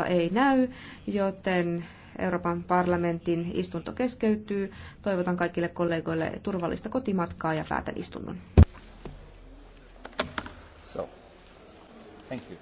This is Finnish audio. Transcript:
Muutosta ei näy, joten Euroopan parlamentin istunto keskeytyy. Toivotan kaikille kollegoille turvallista kotimatkaa ja päätän istunnon. So, thank you.